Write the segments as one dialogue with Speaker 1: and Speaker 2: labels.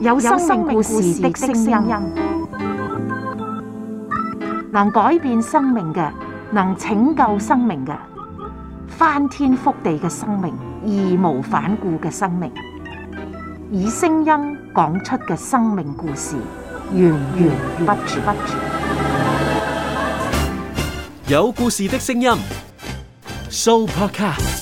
Speaker 1: 有生命故事的聲音，能改變生命嘅，能拯救生命嘅，翻天覆地嘅生命，義無反顧嘅生命，以聲音講出嘅生命故事，源源不絕。有故事的聲音，Soul Podcast。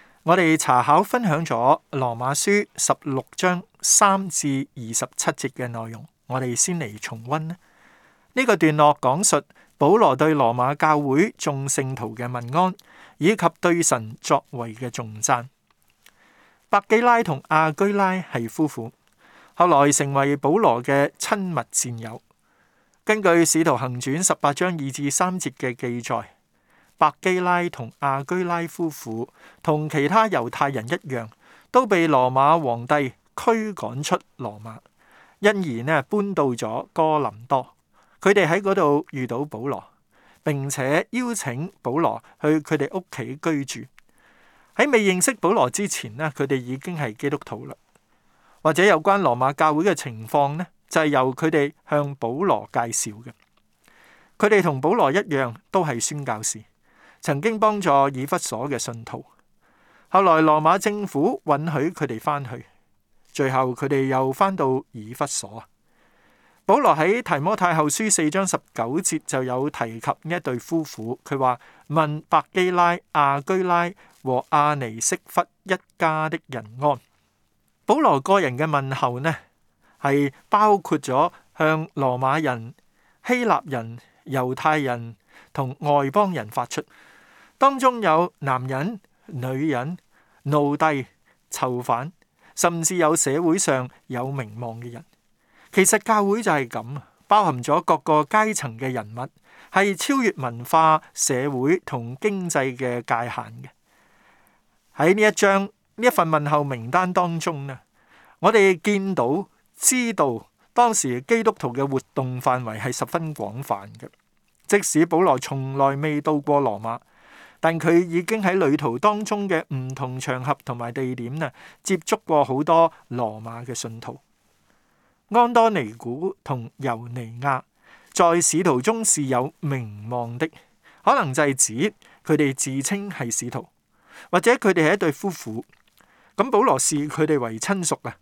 Speaker 1: 我哋查考分享咗羅馬書十六章三至二十七節嘅內容，我哋先嚟重温呢、這個段落，講述保羅對羅馬教會眾聖徒嘅問安，以及對神作為嘅重讚。百基拉同亞居拉係夫婦，後來成為保羅嘅親密戰友。根據使徒行傳十八章二至三節嘅記載。白基拉同亞居拉夫婦同其他猶太人一樣，都被羅馬皇帝驅趕出羅馬，因而咧搬到咗哥林多。佢哋喺嗰度遇到保羅，並且邀請保羅去佢哋屋企居住。喺未認識保羅之前咧，佢哋已經係基督徒啦。或者有關羅馬教會嘅情況咧，就係、是、由佢哋向保羅介紹嘅。佢哋同保羅一樣，都係宣教士。曾經幫助以弗所嘅信徒，後來羅馬政府允許佢哋返去，最後佢哋又返到以弗所。保羅喺提摩太後書四章十九節就有提及呢一對夫婦，佢話，問百基拉、亞居拉和阿尼色弗一家的人安。保羅個人嘅問候呢，係包括咗向羅馬人、希臘人、猶太人同外邦人發出。當中有男人、女人、奴隸、囚犯，甚至有社會上有名望嘅人。其實教會就係咁啊，包含咗各個階層嘅人物，係超越文化、社會同經濟嘅界限嘅。喺呢一章呢一份問候名單當中呢，我哋見到知道當時基督徒嘅活動範圍係十分廣泛嘅，即使保羅從來未到過羅馬。但佢已經喺旅途當中嘅唔同場合同埋地點啦，接觸過好多羅馬嘅信徒。安多尼古同尤尼亞在使徒中是有名望的，可能就係指佢哋自稱係使徒，或者佢哋係一對夫婦。咁保羅視佢哋為親屬啊，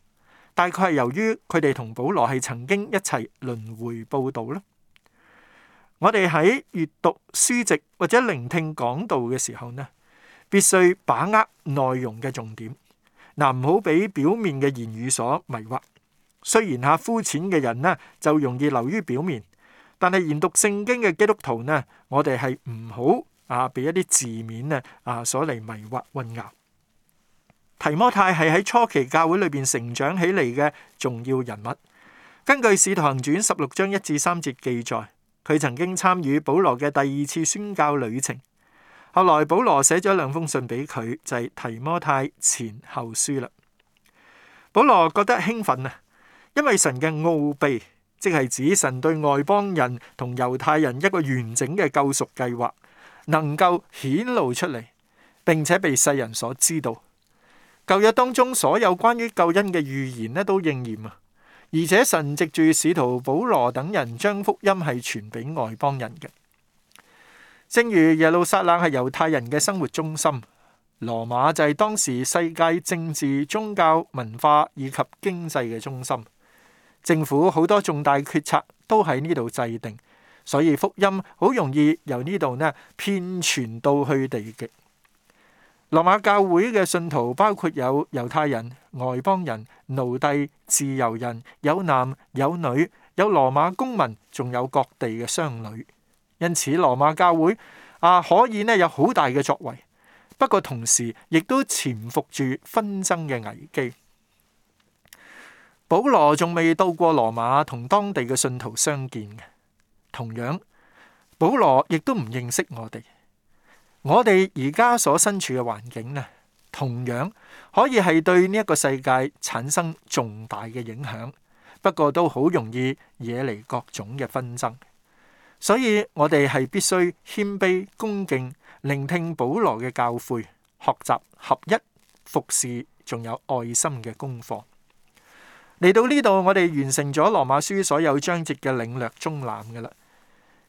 Speaker 1: 大概係由於佢哋同保羅係曾經一齊輪迴報道啦。我哋喺閱讀書籍或者聆聽講道嘅時候呢，必須把握內容嘅重點嗱，唔好俾表面嘅言語所迷惑。雖然吓膚淺嘅人呢就容易流於表面，但係研讀聖經嘅基督徒呢，我哋係唔好啊俾一啲字面呢啊所嚟迷惑混淆。提摩太係喺初期教會裏面成長起嚟嘅重要人物。根據《使徒行傳》十六章一至三節記載。佢曾經參與保羅嘅第二次宣教旅程，後來保羅寫咗兩封信俾佢，就係提摩太前後書啦。保羅覺得興奮啊，因為神嘅奧秘，即係指神對外邦人同猶太人一個完整嘅救贖計劃，能夠顯露出嚟，並且被世人所知道。舊約當中所有關於救恩嘅預言咧，都應驗啊！而且神藉住使徒保羅等人將福音係傳俾外邦人嘅，正如耶路撒冷係猶太人嘅生活中心，羅馬就係當時世界政治、宗教、文化以及經濟嘅中心，政府好多重大決策都喺呢度制定，所以福音好容易由呢度呢遍傳到去地極。羅馬教會嘅信徒包括有猶太人、外邦人、奴隸、自由人，有男有女，有羅馬公民，仲有各地嘅商旅。因此羅馬教會啊，可以呢有好大嘅作為，不過同時亦都潛伏住紛爭嘅危機。保羅仲未到過羅馬，同當地嘅信徒相見。同樣，保羅亦都唔認識我哋。我哋而家所身處嘅環境呢，同樣可以係對呢一個世界產生重大嘅影響，不過都好容易惹嚟各種嘅紛爭。所以我哋係必須謙卑恭敬，聆聽保羅嘅教誨，學習合一、服侍仲有愛心嘅功課。嚟到呢度，我哋完成咗羅馬書所有章節嘅領略中覽嘅啦。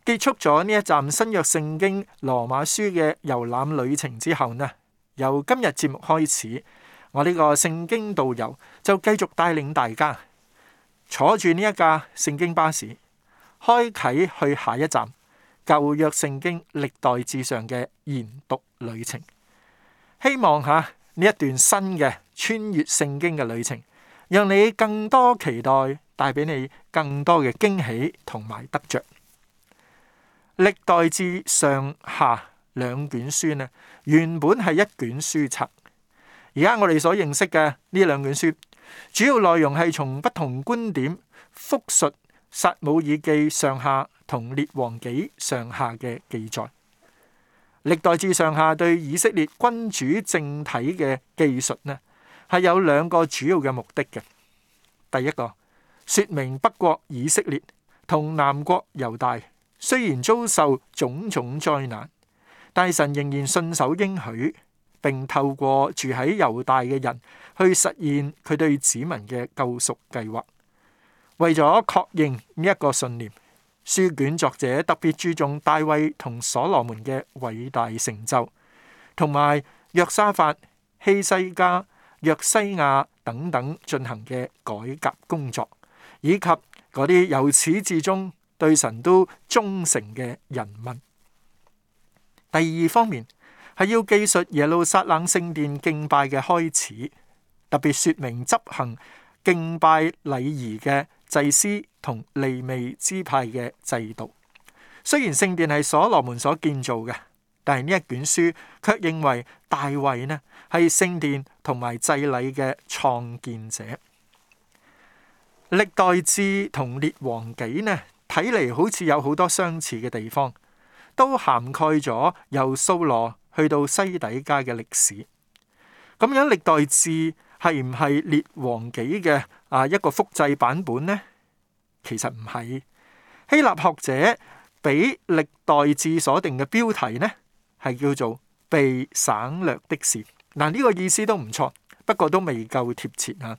Speaker 1: 結束咗呢一站新約聖經羅馬書嘅遊覽旅程之後呢，由今日節目開始，我呢個聖經導遊就繼續帶領大家坐住呢一架聖經巴士，開啟去下一站舊約聖經歷代志上嘅研讀旅程。希望吓呢一段新嘅穿越聖經嘅旅程，讓你更多期待，帶俾你更多嘅驚喜同埋得着。歷代志上下兩卷書咧，原本係一卷書冊。而家我哋所認識嘅呢兩卷書，主要內容係從不同觀點復述《撒母耳記》上下同《列王紀》上下嘅記載。歷代志上下對以色列君主政體嘅記述咧，係有兩個主要嘅目的嘅。第一個，説明北國以色列同南國猶大。雖然遭受種種災難，大神仍然信守應許，並透過住喺猶大嘅人去實現佢對子民嘅救贖計劃。為咗確認呢一個信念，書卷作者特別注重大衛同所羅門嘅偉大成就，同埋約沙法、希西家、約西亞等等進行嘅改革工作，以及嗰啲由始至終。對神都忠誠嘅人物。第二方面係要記述耶路撒冷聖殿殿敬拜嘅開始，特別說明執行敬拜禮儀嘅祭司同利未支派嘅制度。雖然聖殿係所羅門所建造嘅，但係呢一卷書卻認為大衛呢係聖殿同埋祭禮嘅創建者。歷代志同列王紀呢？睇嚟好似有好多相似嘅地方，都涵蓋咗由掃羅去到西底家嘅歷史。咁樣《歷代志》係唔係列王紀嘅啊一個複製版本呢？其實唔係。希臘學者俾《歷代志》所定嘅標題呢，係叫做被省略的事。嗱，呢個意思都唔錯，不過都未夠貼切啊。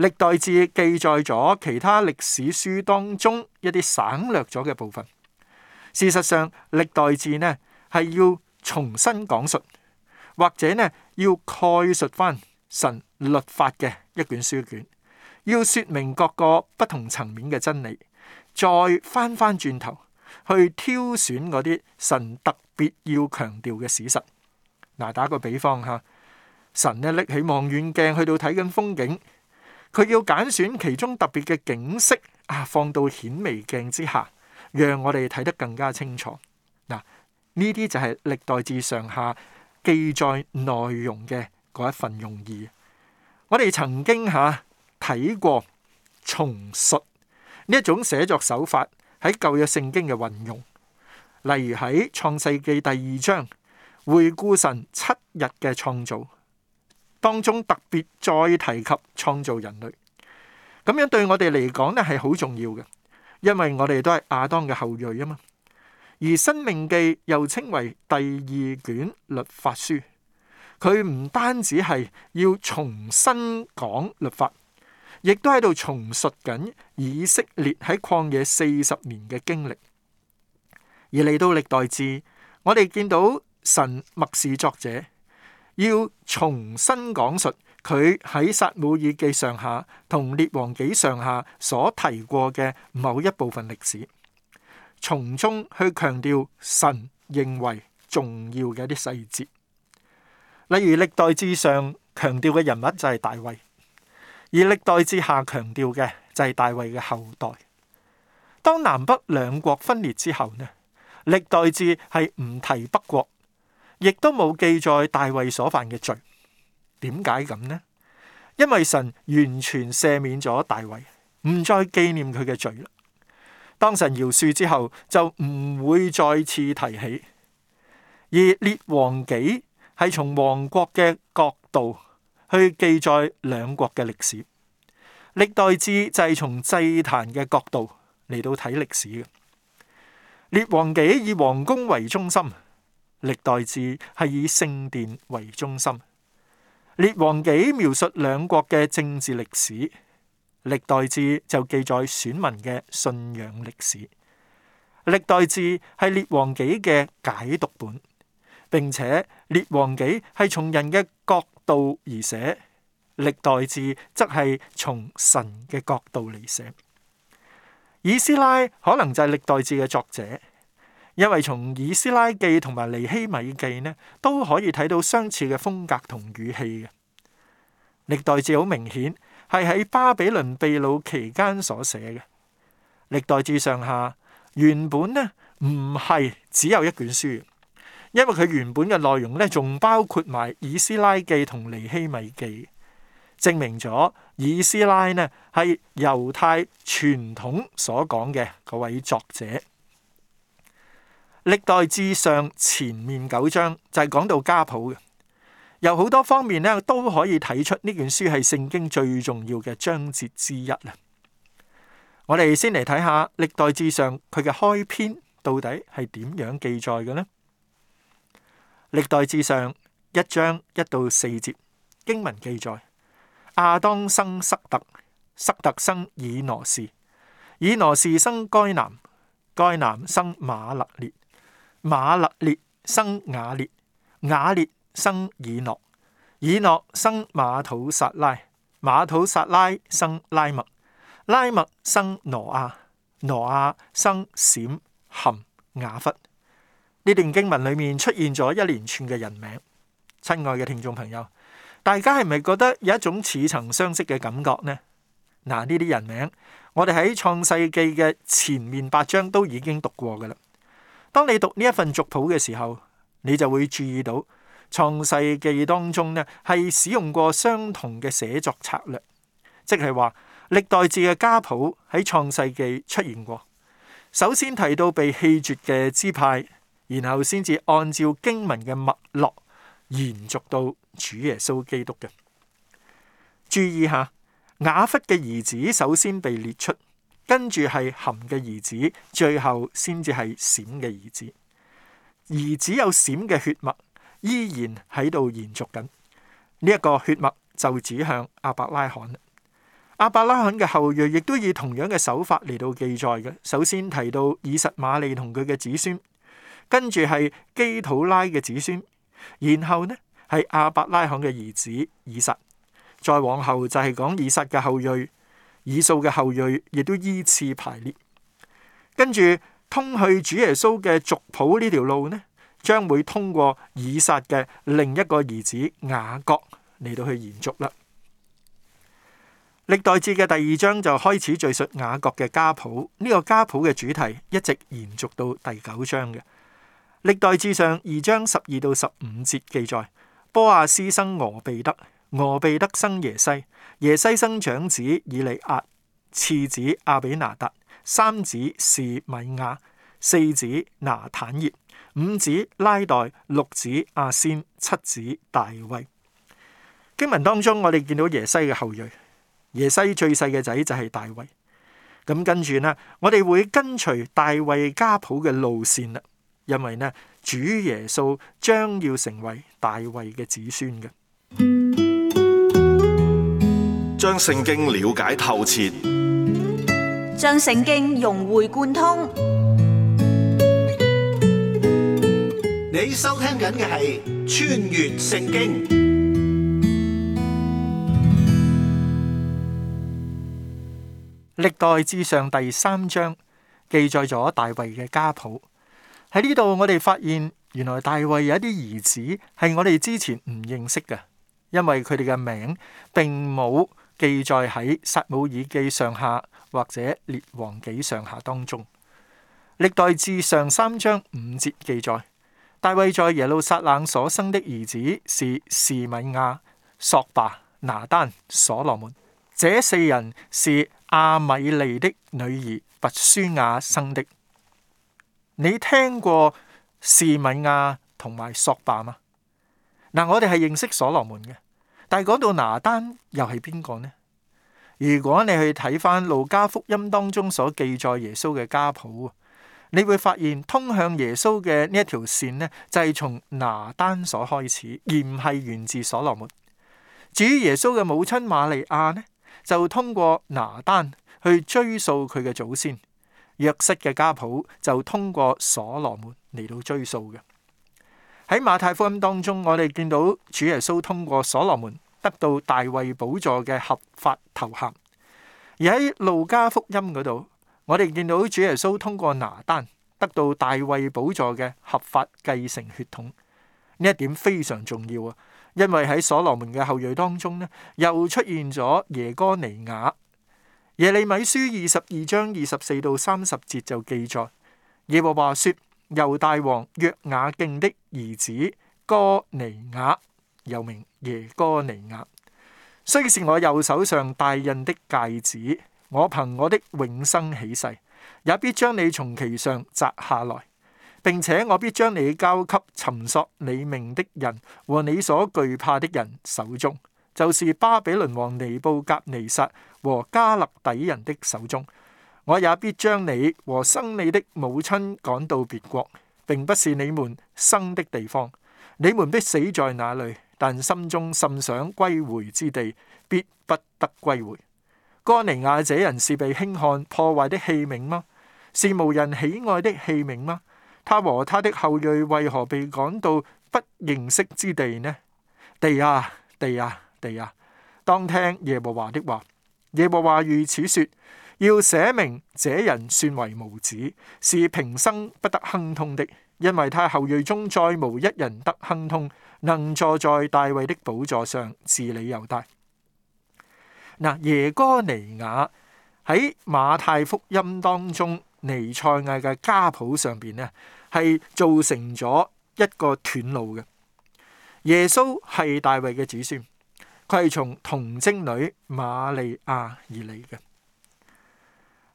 Speaker 1: 歷代志記載咗其他歷史書當中一啲省略咗嘅部分。事實上，歷代志呢係要重新講述，或者呢要概述翻神律法嘅一卷書卷，要說明各個不同層面嘅真理，再翻翻轉頭去挑選嗰啲神特別要強調嘅史實。嗱，打個比方吓，神呢拎起望遠鏡去到睇緊風景。佢要揀選其中特別嘅景色啊，放到顯微鏡之下，讓我哋睇得更加清楚。嗱，呢啲就係歷代志上下記載內容嘅嗰一份用意。我哋曾經吓睇、啊、過重述呢一種寫作手法喺舊約聖經嘅運用，例如喺創世記第二章回顧神七日嘅創造。當中特別再提及創造人類，咁樣對我哋嚟講咧係好重要嘅，因為我哋都係亞當嘅後裔啊嘛。而申命記又稱為第二卷律法書，佢唔單止係要重新講律法，亦都喺度重述緊以色列喺曠野四十年嘅經歷。而嚟到歷代志，我哋見到神默示作者。要重新講述佢喺撒母耳記上下同列王紀上下所提過嘅某一部分歷史，從中去強調神認為重要嘅一啲細節。例如歷代志上強調嘅人物就係大衛，而歷代志下強調嘅就係大衛嘅後代。當南北兩國分裂之後呢，歷代志係唔提北國。亦都冇記載大衛所犯嘅罪，點解咁呢？因為神完全赦免咗大衛，唔再紀念佢嘅罪啦。當神饒恕之後，就唔會再次提起。而列王紀係從王國嘅角度去記載兩國嘅歷史，歷代志就係從祭壇嘅角度嚟到睇歷史嘅。列王紀以王宮為中心。歷代志係以聖殿為中心，列王紀描述兩國嘅政治歷史，歷代志就記載選民嘅信仰歷史。歷代志係列王紀嘅解讀本，並且列王紀係從人嘅角度而寫，歷代志則係從神嘅角度嚟寫。以斯拉可能就係歷代志嘅作者。因為從以斯拉記同埋尼希米記咧，都可以睇到相似嘅風格同語氣嘅。歷代志好明顯係喺巴比倫被擄期間所寫嘅。歷代志上下原本呢唔係只有一卷書，因為佢原本嘅內容呢仲包括埋以斯拉記同尼希米記，證明咗以斯拉呢係猶太傳統所講嘅嗰位作者。歷代至上前面九章就係、是、講到家譜嘅，由好多方面咧都可以睇出呢卷書係聖經最重要嘅章節之一啊。我哋先嚟睇下歷代至上佢嘅開篇到底係點樣記載嘅咧？歷代至上一章一到四節經文記載：亞當生塞特，塞特生以諾士，以諾士生該南，該南生馬勒列。馬勒列生雅列，雅列生以諾，以諾生馬土撒拉，馬土撒拉生拉麥，拉麥生挪亞，挪亞生閃含雅弗。呢段經文裏面出現咗一連串嘅人名，親愛嘅聽眾朋友，大家係咪覺得有一種似曾相識嘅感覺呢？嗱，呢啲人名，我哋喺創世紀嘅前面八章都已經讀過噶啦。當你讀呢一份族譜嘅時候，你就會注意到《創世記》當中咧係使用過相同嘅寫作策略，即係話歷代志嘅家譜喺《創世記》出現過。首先提到被棄絕嘅支派，然後先至按照經文嘅脈絡延續到主耶穌基督嘅。注意下雅弗嘅兒子首先被列出。跟住係含嘅兒子，最後先至係閃嘅兒子。兒子有閃嘅血脈，依然喺度延續緊呢一個血脈，就指向亞伯拉罕。亞伯拉罕嘅後裔亦都以同樣嘅手法嚟到記載嘅。首先提到以實瑪利同佢嘅子孫，跟住係基土拉嘅子孫，然後呢係亞伯拉罕嘅兒子以實，再往後就係講以實嘅後裔。以掃嘅後裔亦都依次排列，跟住通去主耶穌嘅族譜呢條路呢，將會通過以撒嘅另一個兒子雅各嚟到去延續啦。歷代志嘅第二章就開始敘述雅各嘅家譜，呢、這個家譜嘅主題一直延續到第九章嘅。歷代志上二章十二到十五節記載：波阿斯生俄備得，俄備得生耶西。耶西生長子以利押，次子阿比拿達，三子示米亞，四子拿坦業，五子拉代，六子阿鮮，七子大衛。經文當中，我哋見到耶西嘅後裔，耶西最細嘅仔就係大衛。咁跟住呢，我哋會跟隨大衛家譜嘅路線啦，因為呢主耶穌將要成為大衛嘅子孫嘅。將聖經了解透徹、嗯，將聖經融會貫通。你收聽緊嘅係《穿越聖經》，歷代志上第三章記載咗大衛嘅家譜。喺呢度我哋發現，原來大衛有一啲兒子係我哋之前唔認識嘅，因為佢哋嘅名並冇。記載喺撒母耳記上下或者列王紀上下當中，歷代志上三章五節記載，大衛在耶路撒冷所生的兒子是示米亞、朔巴、拿單、所羅門，這四人是亞米利的女兒拔書亞生的。你聽過示米亞同埋朔巴嗎？嗱，我哋係認識所羅門嘅。但係講到拿單又係邊個呢？如果你去睇翻路加福音當中所記載耶穌嘅家譜，你會發現通向耶穌嘅呢一條線呢，就係從拿單所開始，而唔係源自所羅門。至於耶穌嘅母親瑪利亞呢，就通過拿單去追溯佢嘅祖先，約瑟嘅家譜就通過所羅門嚟到追溯嘅。喺馬太福音當中，我哋見到主耶穌通過所羅門得到大衛寶座嘅合法頭銜；而喺路加福音嗰度，我哋見到主耶穌通過拿單得到大衛寶座嘅合法繼承血統。呢一點非常重要啊，因為喺所羅門嘅後裔當中呢，又出現咗耶哥尼雅。耶利米書二十二章二十四到三十節就記載耶和華說。猶大王約雅敬的兒子哥尼雅，又名耶哥尼雅，雖是我右手上戴印的戒指，我憑我的永生起誓，也必將你從其上摘下來，並且我必將你交給尋索你命的人和你所懼怕的人手中，就是巴比倫王尼布甲尼撒和加勒底人的手中。我也必將你和生你的母親趕到別國，並不是你們生的地方。你們必死在那裏，但心中甚想歸回之地，必不得歸回。哥尼雅這人是被輕看破壞的器皿嗎？是無人喜愛的器皿嗎？他和他的後裔為何被趕到不認識之地呢？地啊，地啊，地啊！當聽耶和華的話。耶和華如此說。要寫明，這人算為無子，是平生不得亨通的，因為他後裔中再無一人得亨通，能坐在大衛的寶座上治理猶大。嗱，耶哥尼雅喺馬太福音當中尼賽亞嘅家譜上邊咧，係造成咗一個斷路嘅。耶穌係大衛嘅子孫，佢係從童貞女瑪利亞而嚟嘅。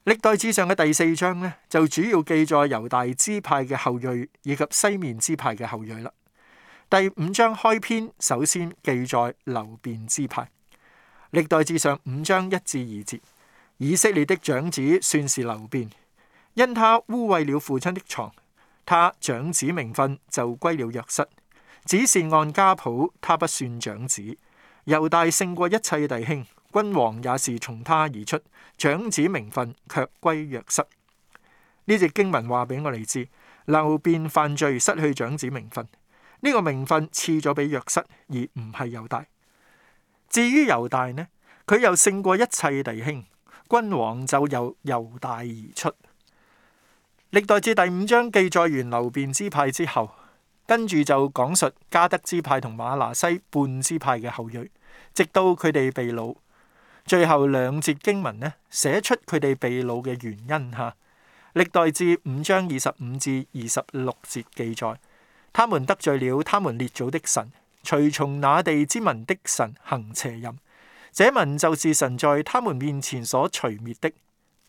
Speaker 1: 歷代志上嘅第四章呢，就主要記載猶大支派嘅後裔以及西面支派嘅後裔啦。第五章開篇首先記載流便支派。歷代志上五章一至二節，以色列的長子算是流便，因他污穢了父親的床，他長子名分就歸了約瑟。」只是按家譜他不算長子，猶大勝過一切弟兄。君王也是從他而出，長子名分卻歸約瑟。呢節經文話俾我哋知，流便犯罪失去長子名分，呢、這個名分賜咗俾約瑟，而唔係猶大。至於猶大呢，佢又勝過一切弟兄，君王就由猶大而出。歷代志第五章記載完流便支派之後，跟住就講述加得支派同馬拿西半支派嘅後裔，直到佢哋被擄。最後兩節經文呢，寫出佢哋被擄嘅原因哈。歷代志五章二十五至二十六節記載，他們得罪了他們列祖的神，隨從那地之民的神行邪淫，這民就是神在他們面前所除滅的。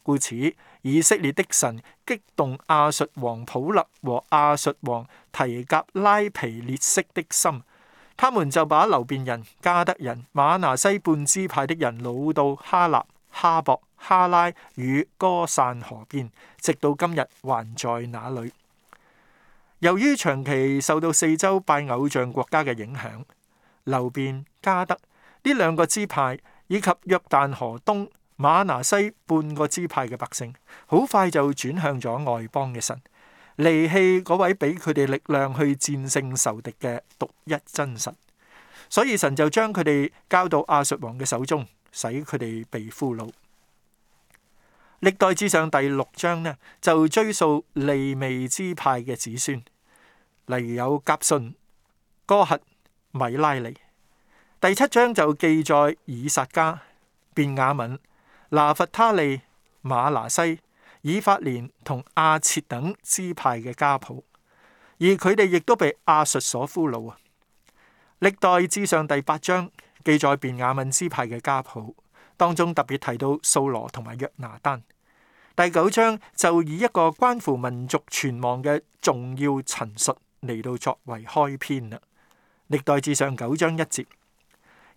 Speaker 1: 故此，以色列的神激動亞述王普勒和亞述王提甲拉皮列色的心。他們就把流便人、加德人、馬拿西半支派的人，擄到哈臘、哈博、哈拉，與歌散河邊，直到今日還在那裡。由於長期受到四周拜偶像國家嘅影響，流便、加德呢兩個支派，以及約旦河東馬拿西半個支派嘅百姓，好快就轉向咗外邦嘅神。離棄嗰位俾佢哋力量去戰勝仇敵嘅獨一真神，所以神就將佢哋交到亞述王嘅手中，使佢哋被俘虜。歷代誌上第六章呢，就追溯利未支派嘅子孫，例如有革順、哥轄、米拉利。第七章就記載以薩迦、便雅憫、拿弗他利、馬拿西。以法蓮同亞設等支派嘅家譜，而佢哋亦都被亞述所俘虜啊！歷代志上第八章記載便雅憫支派嘅家譜，當中特別提到掃羅同埋約拿單。第九章就以一個關乎民族存亡嘅重要陳述嚟到作為開篇啦。歷代志上九章一節，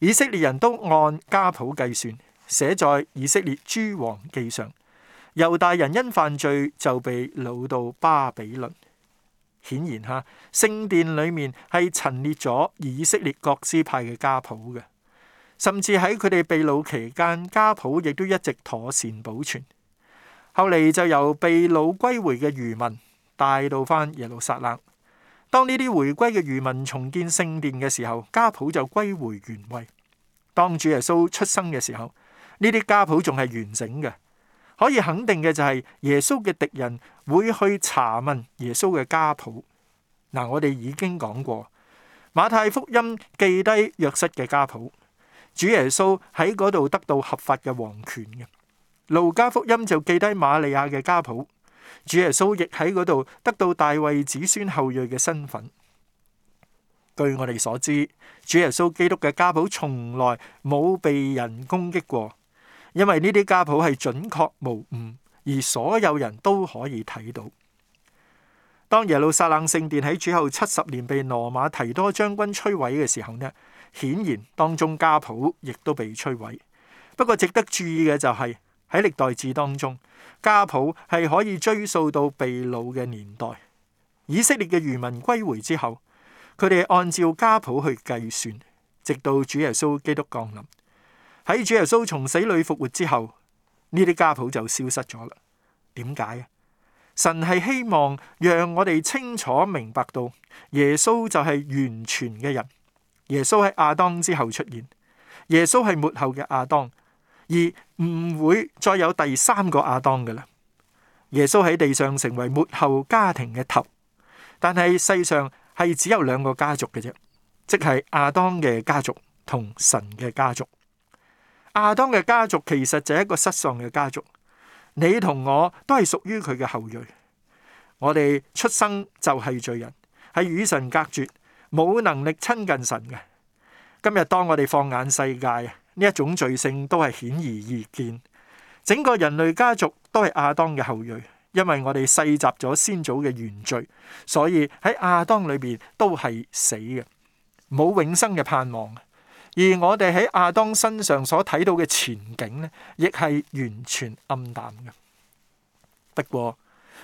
Speaker 1: 以色列人都按家譜計算，寫在以色列諸王記上。猶大人因犯罪就被擄到巴比倫。顯然吓，聖殿裏面係陳列咗以色列各支派嘅家譜嘅，甚至喺佢哋被擄期間，家譜亦都一直妥善保存。後嚟就由被擄歸回嘅餘民帶到翻耶路撒冷。當呢啲回歸嘅餘民重建聖殿嘅時候，家譜就歸回原位。當主耶穌出生嘅時候，呢啲家譜仲係完整嘅。可以肯定嘅就係耶穌嘅敵人會去查問耶穌嘅家譜。嗱、嗯，我哋已經講過，馬太福音記低約瑟嘅家譜，主耶穌喺嗰度得到合法嘅王權嘅。路加福音就記低瑪利亞嘅家譜，主耶穌亦喺嗰度得到大衛子孫後裔嘅身份。據我哋所知，主耶穌基督嘅家譜從來冇被人攻擊過。因為呢啲家譜係準確無誤，而所有人都可以睇到。當耶路撒冷聖殿喺主後七十年被羅馬提多將軍摧毀嘅時候呢，顯然當中家譜亦都被摧毀。不過值得注意嘅就係喺歷代志當中，家譜係可以追溯到被擄嘅年代。以色列嘅餘民歸回之後，佢哋按照家譜去計算，直到主耶穌基督降臨。喺主耶穌從死裏復活之後，呢啲家譜就消失咗啦。點解啊？神係希望讓我哋清楚明白到耶穌就係完全嘅人。耶穌喺亞當之後出現，耶穌係末後嘅亞當，而唔會再有第三個亞當嘅啦。耶穌喺地上成為末後家庭嘅頭，但係世上係只有兩個家族嘅啫，即係亞當嘅家族同神嘅家族。亞當嘅家族其實就係一個失喪嘅家族，你同我都係屬於佢嘅後裔，我哋出生就係罪人，係與神隔絕，冇能力親近神嘅。今日當我哋放眼世界，呢一種罪性都係顯而易見，整個人類家族都係亞當嘅後裔，因為我哋世襲咗先祖嘅原罪，所以喺亞當裏邊都係死嘅，冇永生嘅盼望。而我哋喺亞當身上所睇到嘅前景呢，亦係完全暗淡嘅。不過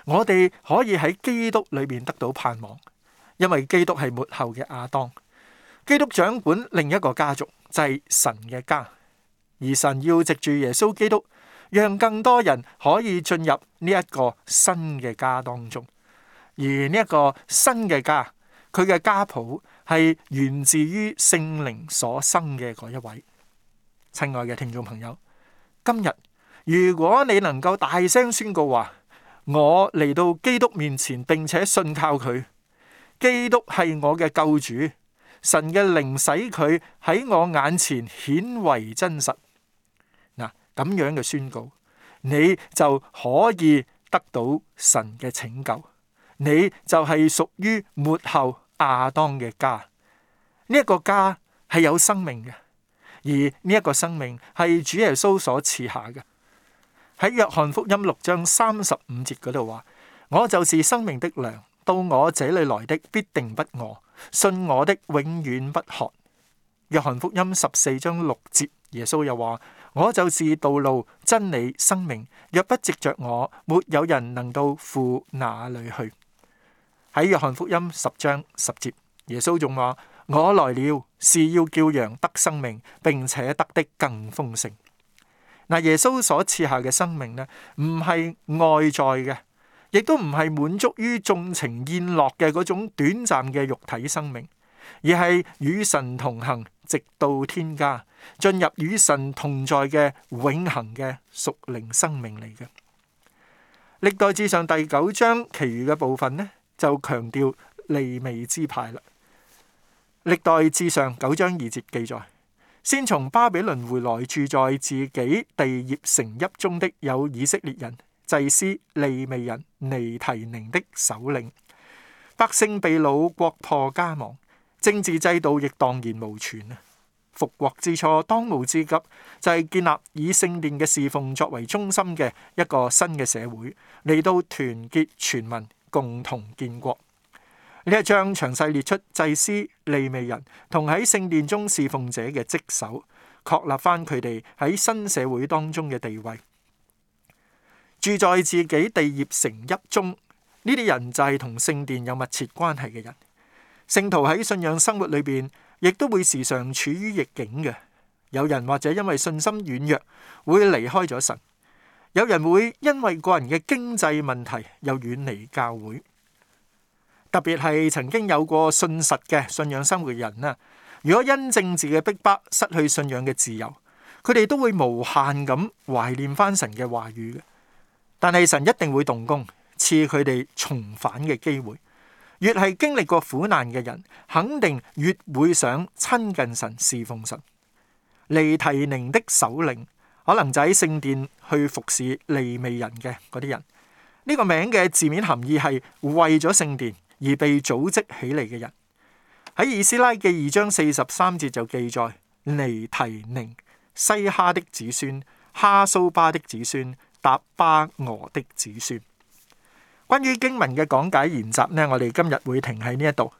Speaker 1: 我哋可以喺基督裏面得到盼望，因為基督係末後嘅亞當，基督掌管另一個家族，就係神嘅家。而神要藉住耶穌基督，讓更多人可以進入呢一個新嘅家當中。而呢一個新嘅家，佢嘅家譜，係源自於聖靈所生嘅嗰一位，親愛嘅聽眾朋友，今日如果你能夠大聲宣告話，我嚟到基督面前，並且信靠佢，基督係我嘅救主，神嘅靈使佢喺我眼前顯為真實。嗱，咁樣嘅宣告，你就可以得到神嘅拯救，你就係屬於末後。亞當嘅家，呢、這、一個家係有生命嘅，而呢一個生命係主耶穌所賜下嘅。喺約翰福音六章三十五節嗰度話：我就是生命的糧，到我這裏來的必定不餓，信我的永遠不渴。約翰福音十四章六節，耶穌又話：我就是道路、真理、生命，若不藉着我，沒有人能到父那裏去。喺約翰福音十章十節，耶穌仲話：我來了是要叫羊得生命，並且得的更豐盛。嗱，耶穌所賜下嘅生命咧，唔係外在嘅，亦都唔係滿足於縱情宴樂嘅嗰種短暫嘅肉體生命，而係與神同行，直到天家，進入與神同在嘅永恆嘅屬靈生命嚟嘅。歷代志上第九章其餘嘅部分呢。就強調利未支派啦。歷代志上九章二節記載，先從巴比倫回來，住在自己地業城邑中的有以色列人祭司利未人尼提寧的首領。百姓被擄國破家亡，政治制度亦蕩然無存啊！復國之初當務之急就係、是、建立以聖殿嘅侍奉作為中心嘅一個新嘅社會，嚟到團結全民。共同建國。呢一章詳細列出祭司、利未人同喺聖殿中侍奉者嘅職守，確立翻佢哋喺新社會當中嘅地位。住在自己地業城邑中，呢啲人就係同聖殿有密切關係嘅人。聖徒喺信仰生活裏面，亦都會時常處於逆境嘅。有人或者因為信心軟弱，會離開咗神。有人會因為個人嘅經濟問題又遠離教會，特別係曾經有過信實嘅信仰生活嘅人啊！如果因政治嘅逼迫失去信仰嘅自由，佢哋都會無限咁懷念翻神嘅話語。但係神一定會動工賜佢哋重返嘅機會。越係經歷過苦難嘅人，肯定越會想親近神、侍奉神。尼提寧的首領。可能就喺聖殿去服侍利未人嘅嗰啲人，呢、這個名嘅字，字面含義係為咗聖殿而被組織起嚟嘅人。喺以斯拉嘅二章四十三節就記載：尼提寧西哈的子孫、哈蘇巴的子孫、達巴俄的子孫。關於經文嘅講解研習呢，我哋今日會停喺呢一度。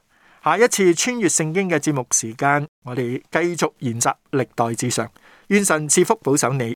Speaker 1: 下一次穿越聖經嘅節目時間，我哋繼續研習歷代志上。願神賜福保守你。